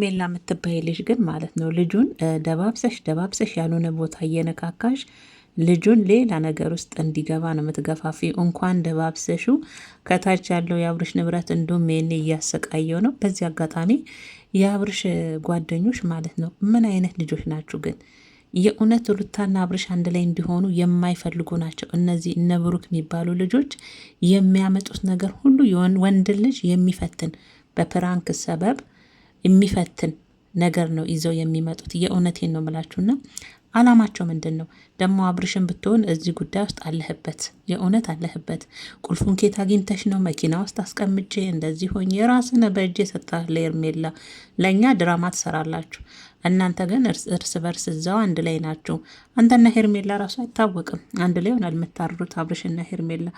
ሜላ የምትባይ ልጅ ግን ማለት ነው ልጁን ደባብሰሽ ደባብሰሽ ያልሆነ ቦታ እየነካካሽ ልጁን ሌላ ነገር ውስጥ እንዲገባ ነው የምትገፋፊ። እንኳን ደባብሰሹ ከታች ያለው የአብርሽ ንብረት እንዲሁም ሜኔ እያሰቃየው ነው። በዚህ አጋጣሚ የአብርሽ ጓደኞች ማለት ነው ምን አይነት ልጆች ናችሁ ግን? የእውነት ሩታና አብርሽ አንድ ላይ እንዲሆኑ የማይፈልጉ ናቸው። እነዚህ እነ ብሩክ የሚባሉ ልጆች የሚያመጡት ነገር ሁሉ ወንድ ልጅ የሚፈትን በፕራንክ ሰበብ የሚፈትን ነገር ነው ይዘው የሚመጡት። የእውነቴን ነው ምላችሁና አላማቸው ምንድን ነው ደግሞ? አብርሽን ብትሆን እዚህ ጉዳይ ውስጥ አለህበት፣ የእውነት አለህበት። ቁልፉን ኬት አግኝተሽ ነው? መኪና ውስጥ አስቀምጬ እንደዚህ ሆኝ የራስን በእጅ የሰጣ ለኤርሜላ። ለእኛ ድራማ ትሰራላችሁ እናንተ ግን እርስ በርስ እዛው አንድ ላይ ናቸው። አንተና ሄርሜላ ራሱ አይታወቅም አንድ ላይ ሆናል የምታርዱት። አብርሽና ሄርሜላ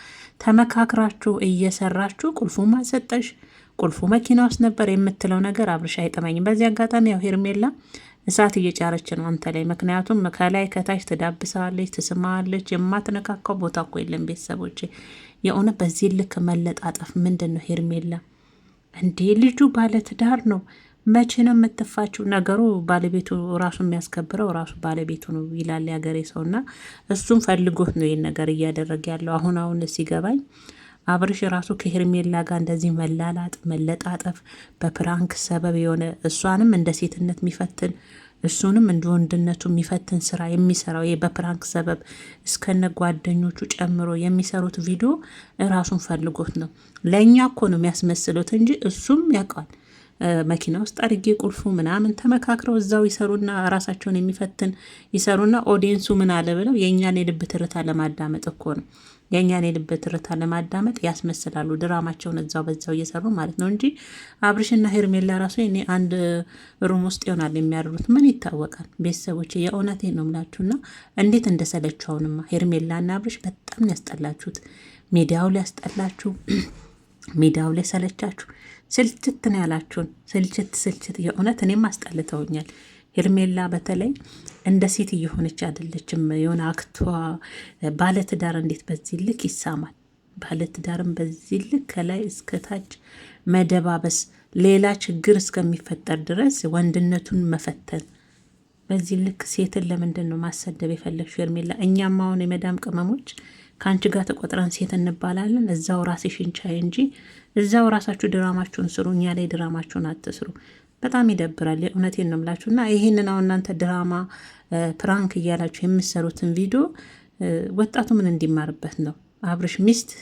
ተመካክራችሁ እየሰራችሁ ቁልፉም ማሰጠሽ ቁልፉ መኪና ውስጥ ነበር የምትለው ነገር አብርሽ አይጠመኝም። በዚህ አጋጣሚ ያው ሄርሜላ እሳት እየጫረች ነው አንተ ላይ። ምክንያቱም ከላይ ከታች ትዳብሳለች፣ ትስማለች። የማትነካካው ቦታ እኮ የለም። ቤተሰቦች የሆነ በዚህ ልክ መለጣጠፍ ምንድን ነው ሄርሜላ? እንዴ ልጁ ባለትዳር ነው። መቼ ነው የምትፋችው? ነገሩ ባለቤቱ ራሱ የሚያስከብረው ራሱ ባለቤቱ ነው ይላል ያገሬ ሰውና፣ እሱም ፈልጎት ነው ይህን ነገር እያደረገ ያለው አሁን አሁን ሲገባኝ አብርሽ ራሱ ከሄርሜላ ጋር እንደዚህ መላላጥ መለጣጠፍ በፕራንክ ሰበብ የሆነ እሷንም እንደ ሴትነት የሚፈትን እሱንም እንደ ወንድነቱ የሚፈትን ስራ የሚሰራው ይሄ በፕራንክ ሰበብ እስከነ ጓደኞቹ ጨምሮ የሚሰሩት ቪዲዮ ራሱን ፈልጎት ነው። ለእኛ እኮ ነው የሚያስመስሉት እንጂ እሱም ያውቀዋል። መኪና ውስጥ አድርጌ ቁልፉ ምናምን ተመካክረው እዛው ይሰሩና ራሳቸውን የሚፈትን ይሰሩና ኦዲየንሱ ምን አለ ብለው የእኛን የልብ ትርታ ለማዳመጥ እኮ ነው። የእኛን የልብ ትርታ ለማዳመጥ ያስመስላሉ ድራማቸውን እዛው በዛው እየሰሩ ማለት ነው እንጂ አብርሽና ሄርሜላ ራሱ እኔ አንድ ሩም ውስጥ ይሆናል የሚያድሩት። ምን ይታወቃል? ቤተሰቦች የእውነቴን ነው ምላችሁና እንዴት እንደሰለችሁ አሁንማ ሄርሜላና አብርሽ በጣም ያስጠላችሁት ሚዲያው ሊያስጠላችሁ ሚዲያው ላይ ስልችት ነው ያላችሁን፣ ስልችት ስልችት። የእውነት እኔም አስጠልተውኛል። ሄርሜላ በተለይ እንደ ሴት እየሆነች አይደለችም። የሆነ አክቷ ባለትዳር እንዴት በዚህ ልክ ይሳማል? ባለትዳርም በዚህ ልክ ከላይ እስከታች መደባበስ፣ ሌላ ችግር እስከሚፈጠር ድረስ ወንድነቱን መፈተን በዚህ ልክ ሴትን ለምንድን ነው ማሰደብ የፈለግሽው ሄርሜላ? እኛም አሁን የመዳም ቅመሞች ከአንቺ ጋር ተቆጥረን ሴት እንባላለን። እዛው ራስሽን ቻይ እንጂ እዛው ራሳችሁ ድራማችሁን ስሩ፣ እኛ ላይ ድራማችሁን አትስሩ። በጣም ይደብራል። እውነቴን ነው የምላችሁ እና ይህንን አሁን እናንተ ድራማ ፕራንክ እያላችሁ የምሰሩትን ቪዲዮ ወጣቱ ምን እንዲማርበት ነው? አብርሽ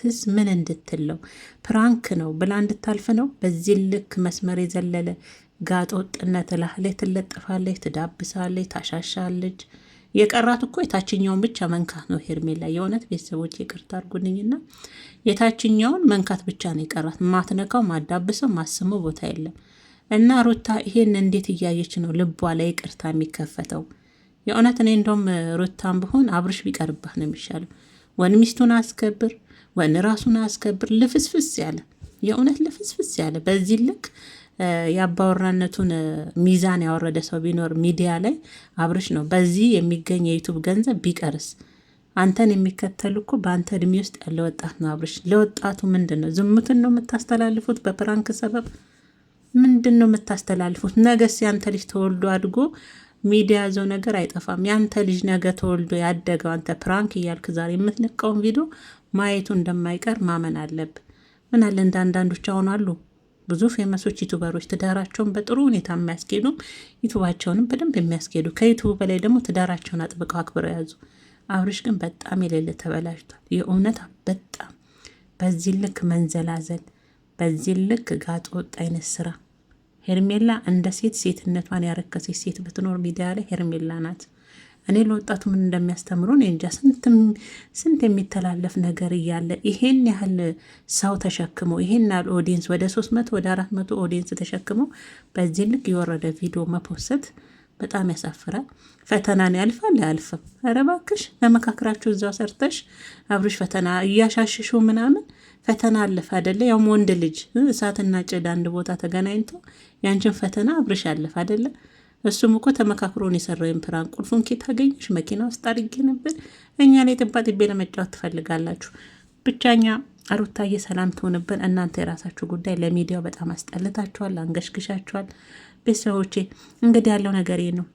ህዝ ምን እንድትለው ፕራንክ ነው ብላ እንድታልፍ ነው? በዚህ ልክ መስመር የዘለለ ጋጦጥነት ላህ ላይ ትለጥፋለች፣ ትዳብሳለች፣ ታሻሻለች። የቀራት እኮ የታችኛውን ብቻ መንካት ነው ሄርሜላ። የእውነት ቤተሰቦች ይቅርታ አድርጉልኝና የታችኛውን መንካት ብቻ ነው የቀራት። ማትነካው፣ ማዳብሰው፣ ማስመው ቦታ የለም። እና ሩታ ይሄን እንዴት እያየች ነው ልቧ ላይ ይቅርታ የሚከፈተው? የእውነት እኔ እንደውም ሩታን ብሆን አብርሽ ቢቀርባት ነው የሚሻለው። ወን ሚስቱን አስከብር፣ ወን ራሱን አስከብር። ልፍስፍስ ያለ የእውነት ልፍስፍስ ያለ በዚህ ልክ የአባወራነቱን ሚዛን ያወረደ ሰው ቢኖር ሚዲያ ላይ አብርሽ ነው። በዚህ የሚገኝ የዩቱብ ገንዘብ ቢቀርስ አንተን የሚከተል እኮ በአንተ እድሜ ውስጥ ያለ ወጣት ነው አብርሽ። ለወጣቱ ምንድን ነው ዝሙትን ነው የምታስተላልፉት? በፕራንክ ሰበብ ምንድን ነው የምታስተላልፉት? ነገስ ያንተ ልጅ ተወልዶ አድጎ ሚዲያ ያዘው ነገር አይጠፋም። ያንተ ልጅ ነገ ተወልዶ ያደገው አንተ ፕራንክ እያልክ ዛሬ የምትለቀውን ቪዲዮ ማየቱ እንደማይቀር ማመን አለብ ምን አለ እንደ አንዳንዶች አሁን አሉ ብዙ ፌመሶች ዩቱበሮች ትዳራቸውን በጥሩ ሁኔታ የሚያስኬዱ ዩቱባቸውንም በደንብ የሚያስኬዱ ከዩቱቡ በላይ ደግሞ ትዳራቸውን አጥብቀው አክብረው ያዙ። አብርሽ ግን በጣም የሌለ ተበላሽቷል። የእውነት በጣም በዚህ ልክ መንዘላዘል፣ በዚህ ልክ ጋጥ ወጥ አይነት ስራ ሄርሜላ እንደ ሴት ሴትነቷን ያረከሰች ሴት ብትኖር ሚዲያ ላይ ሄርሜላ ናት። እኔ ለወጣቱ ምን እንደሚያስተምሩ እኔ እንጃ። ስንት የሚተላለፍ ነገር እያለ ይሄን ያህል ሰው ተሸክሞ ይሄን ያህል ኦዲየንስ ወደ ሶስት መቶ ወደ አራት መቶ ኦዲየንስ ተሸክሞ በዚህ ልክ የወረደ ቪዲዮ መፖሰት በጣም ያሳፍራል። ፈተናን ያልፋል አያልፍም? ኧረ እባክሽ ለመካከራችሁ እዛው ሰርተሽ አብሮሽ ፈተና እያሻሽሹ ምናምን ፈተና አለፈ አደለ? ያውም ወንድ ልጅ እሳትና ጭድ አንድ ቦታ ተገናኝቶ ያንችን ፈተና አብርሽ አለፍ አደለ? እሱም እኮ ተመካክሮን የሰራው የምፕራን ቁልፉን ኬት አገኘሽ? መኪና ውስጥ አድርጌ ነበር። እኛ ላይ ጥባጥቤ ለመጫወት ትፈልጋላችሁ። ብቻኛ ሩታዬ ሰላም ትሆንብን። እናንተ የራሳችሁ ጉዳይ። ለሚዲያው በጣም አስጠልታችኋል፣ አንገሽግሻችኋል። ቤተሰቦቼ እንግዲህ ያለው ነገር ነው።